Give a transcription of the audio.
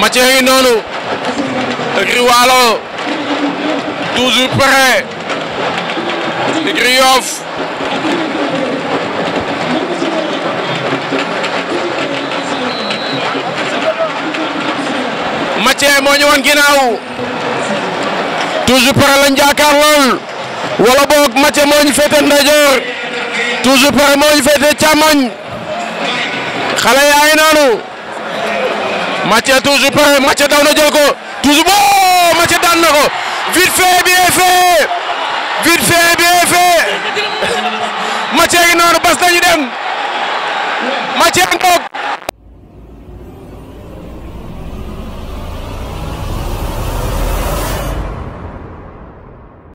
Mathieu ngi noonu écurie Waalo toujours prêt écurie Yoff Mathieu moo ñu woon ginnaaw toujours prêt lañ jàkkaar boog Mathieu moo ñu féete ndeyjoor toujours prêt moo ñu féete noonu Mathieu toujours prêt Mathieu daw na jël ko toujours boo Mathieu daan na ko vite fait bien fait vite fait bien fait Mathieu ngi noonu bas nañu